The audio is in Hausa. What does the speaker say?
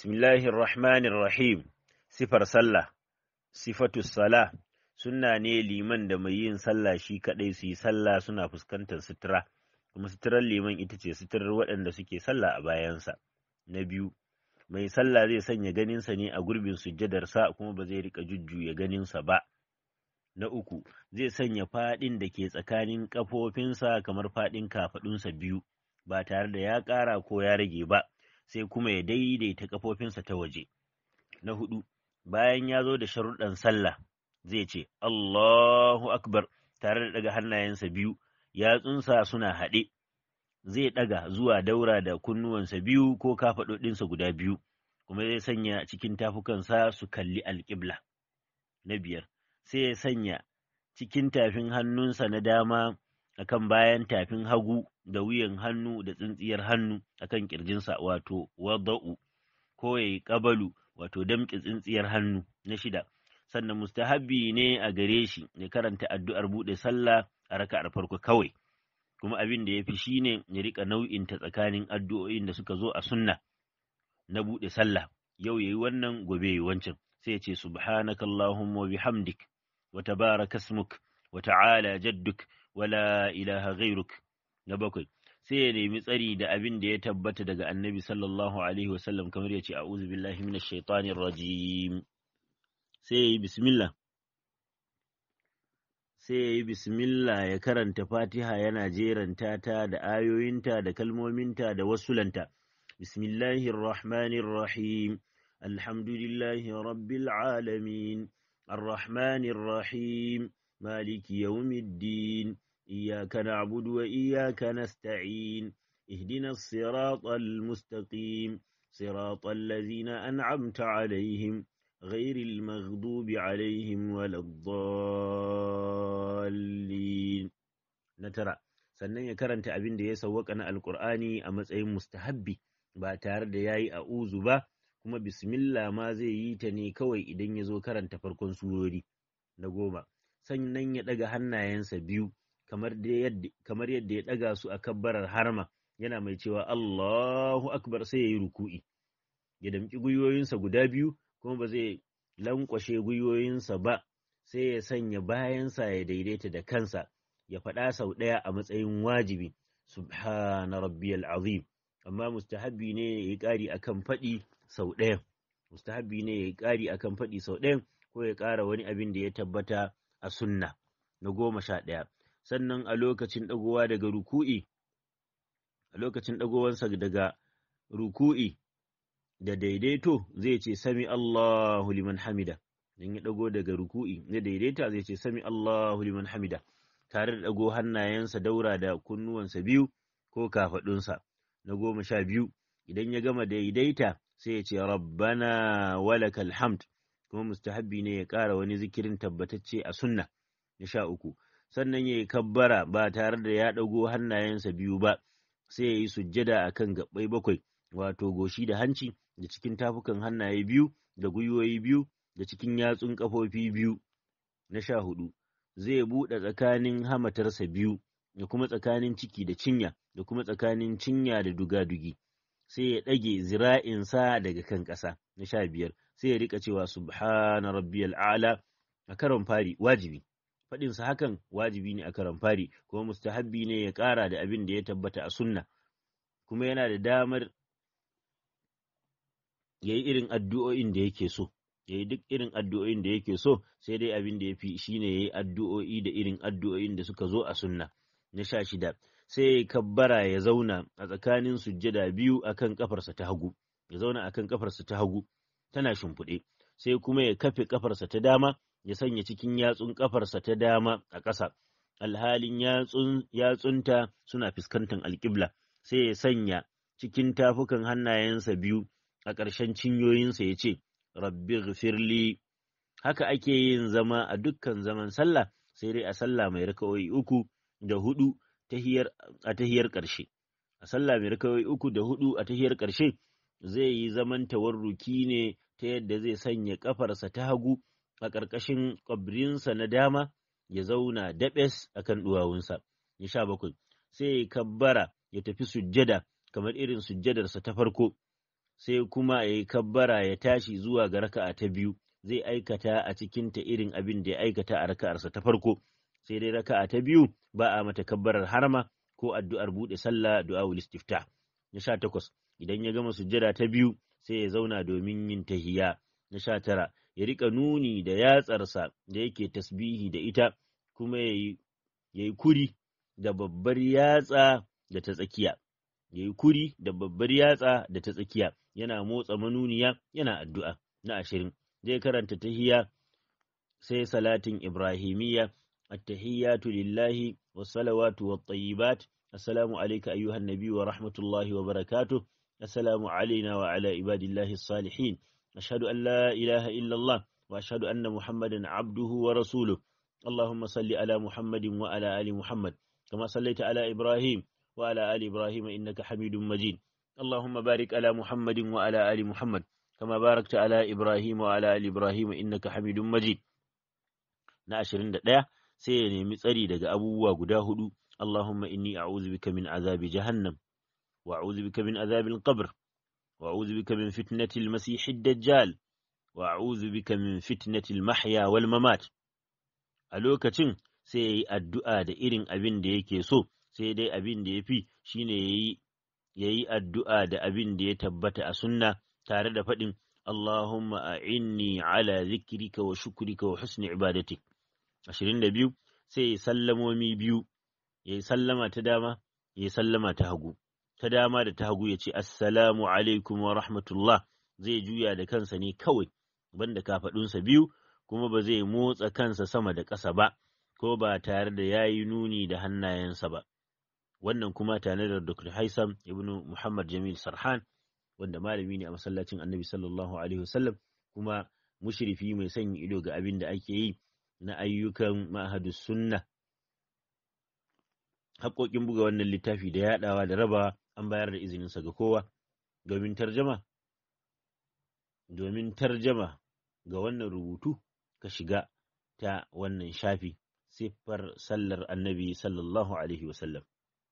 bismillahir rahmanir rahim sifar sallah sifatu sala sunna ne liman da mai yin sallah shi kaɗai su yi sallah suna fuskantar sutura kuma suturar liman ita ce suturar waɗanda suke sallah a bayansa na biyu mai sallah zai sanya ganinsa ne a gurbin sujjadarsa kuma ba zai rika jujjuya ganinsa ba na uku zai sanya faɗin da ke tsakanin kafofinsa kamar faɗin kafaɗunsa biyu ba tare da ya ƙara ko ya rage ba sai kuma ya daidaita kafofinsa ta waje na hudu bayan ya zo da sharuɗan sallah zai ce Allahu akbar tare da ɗaga hannayensa biyu yatsunsa suna haɗe zai ɗaga zuwa daura da kunnuwansa biyu ko kafaɗoɗinsa guda biyu kuma zai sanya cikin tafukansa su kalli alƙibla na biyar sai ya sanya cikin tafin hannunsa na dama akan bayan tafin hagu da wuyan hannu da tsintsiyar hannu akan ƙirjinsa wato wada'u ko yayi ƙabalu wato damƙi tsintsiyar hannu na shida sannan mustahabbi ne a gare shi ya karanta addu'ar buɗe sallah a raka'ar farko kawai kuma abin da ya fi shi ne ya riƙa nau'in ta tsakanin addu'o'in da suka zo a sunna na buɗe sallah yau yayi wannan gobe yayi wancan sai ya ce subhanakallahumma wa bihamdik wa tabaraka ismuk wa ta'ala jadduk wala ilaha ghairuk na bakwai sai ya nemi tsari da abin da ya tabbata daga annabi sallallahu alaihi wasallam kamar ya ce a'udhu billahi minash shaitanir rajim sai ya yi bismillah ya karanta fatiha yana jeranta ta da ayoyinta da kalmominta da wasulanta bismillahir rahmanir rahim alhamdulillahi rabbil alamin الرحمن الرحيم مالك يوم الدين إياك نعبد وإياك نستعين اهدنا الصراط المستقيم صراط الذين أنعمت عليهم غير المغضوب عليهم ولا الضالين نترى sannan ya karanta abin da ya sawwaka na alkur'ani a matsayin mustahabbi ba tare da yayi a'uzu ba kuma bismillah ma zai yi ta ne kawai idan ya zo karanta farkon surori na goma sannan ya ɗaga hannayensa biyu kamar yadda ya ɗaga su a kabbarar harma yana mai cewa Allahu akbar sai ya yi ruku'i ya damƙi gwiwoyinsa guda biyu kuma ba zai lankwashe gwiwoyinsa ba sai ya sanya bayansa ya daidaita da kansa ya faɗa sau ɗaya a matsayin wajibi subhana rabbiyal azim amma mustahabbi ne ya yi ƙari akan faɗi sau ɗaya mustahabbi ne ya yi ƙari akan faɗi sau ɗaya ko ya ƙara wani abin da ya tabbata a sunna na goma sha ɗaya sannan a lokacin ɗagowa daga ruku'i a lokacin ɗagowansa daga ruku'i da daidaito zai ce sami Allahu liman hamida in ya ɗago daga ruku'i da daidaita zai ce sami Allahu liman hamida tare da ɗago hannayensa daura da kunnuwansa biyu ko kafaɗunsa na goma sha biyu idan ya gama daidaita sai ya ce rabbana walakal hamd kuma mustahabbi ne ya ƙara wani zikirin tabbatacce a sunna na sha uku sannan ya yi kabbara ba tare da ya ɗago hannayensa biyu ba sai ya yi sujjada a kan gaɓɓai bakwai wato goshi da hanci da cikin tafukan hannaye biyu da gwiwoyi biyu da cikin yatsun ƙafofi biyu na sha hudu zai buɗe tsakanin hamatarsa biyu da kuma tsakanin ciki da cinya da kuma tsakanin cinya da dugadugi sai ya ɗage zira'insa daga kan ƙasa na sha biyar sai ya riƙa cewa subhana rabbiyal a'la a karon fari wajibi sa hakan wajibi ne a karan fari kuma mustahabbi ne ya ƙara da abin da ya tabbata a sunna kuma yana da damar ya yi irin addu'o'in da yake so ya yi duk irin addu'o'in da yake so sai dai abin da ya fi shi ne ya yi addu'o'i da irin addu'o'in da suka zo a sunna na sha shida sai ya kabbara ya zauna a tsakanin sujjada biyu akan kafarsa ta hagu ya zauna akan kafarsa ta hagu tana shimfiɗe sai kuma ya kafe kafarsa ta dama ya sanya cikin yatsun ƙafarsa ta dama a ƙasa alhalin yatsunta suna fuskantar alƙibla sai ya sanya cikin tafukan hannayensa biyu a ƙarshen cinyoyinsa ya ce rabbi Firli. haka ake yin zama a dukkan zaman sallah sai dai a sallah mai rakawai uku da hudu a tahiyar ƙarshe a sallah mai rikawai uku da hudu a tahiyar ƙarshe zai yi zaman tawarruki ne ta yadda zai sanya ƙafarsa ta hagu a ƙarƙashin ƙwabrinsa na dama ya zauna daɓes a kan ɗuwawunsa. Ya sha bakwai, sai ya kabbara ya tafi sujjada kamar irin sujjadarsa ta farko, sai kuma ya yi kabbara ya tashi zuwa ga raka'a ta biyu, zai aikata a cikinta irin abin da ya aikata a raka'arsa ta farko, sai dai raka'a ta biyu ba a mata kabbarar harma ko addu'ar buɗe sallah du'awul istifta. Na sha takwas, idan ya gama sujjada ta biyu sai ya zauna domin yin tahiya. Na sha tara, ya rika nuni da yatsarsa da yake tasbihi da ita kuma ya yi kuri da babbar yatsa da ta tsakiya ya yi kuri da babbar yatsa da ta tsakiya yana motsa manuniya yana addu'a na ashirin zai karanta tahiya sai salatin ibrahimiyya attahiyyatu lillahi wa wa tayyibat assalamu alaika ayyuhan nabi wa rahmatullahi wa barakatu assalamu alaina wa ala ibadillahi salihin أشهد أن لا إله إلا الله وأشهد أن محمدا عبده ورسوله اللهم صل على محمد وعلى آل محمد كما صليت على إبراهيم وعلى آل إبراهيم إنك حميد مجيد اللهم بارك على محمد وعلى آل محمد كما باركت على إبراهيم وعلى آل إبراهيم إنك حميد مجيد ناشرين دقيقة سيني مصري دقى أبوه قداه اللهم إني أعوذ بك من عذاب جهنم وأعوذ بك من عذاب القبر وأعوذ بك من فتنة المسيح الدجال وأعوذ بك من فتنة المحيا والممات a lokacin sai ya yi addu'a da irin abin da yake so sai dai abin da ya fi shine ne ya yi addu'a da abin da ya tabbata a sunna tare da faɗin a a'inni ala zikrika wa shukrika wa husni ibadatik. Ashirin da biyu sai ya sallamomi biyu, ya yi sallama ta dama, ya yi sallama ta hagu. ta dama da ta hagu ya ce assalamu alaikum wa rahmatullah zai juya da kansa ne kawai banda kafaɗunsa biyu kuma ba zai motsa kansa sama da ƙasa ba ko ba tare da ya yi nuni da hannayensa ba wannan kuma tare da Dr. Haisam ibn Muhammad Jamil Sarhan wanda malami ne a masallacin Annabi sallallahu alaihi wasallam kuma mushirifi mai sanya ido ga abin da ake yi na ayyukan ma'ahadus sunna haƙoƙin buga wannan littafi da yaɗawa da raba an bayar da izininsa ga kowa domin tarjama domin tarjama ga wannan rubutu ka shiga ta wannan shafi siffar sallar annabi sallallahu alaihi wasallam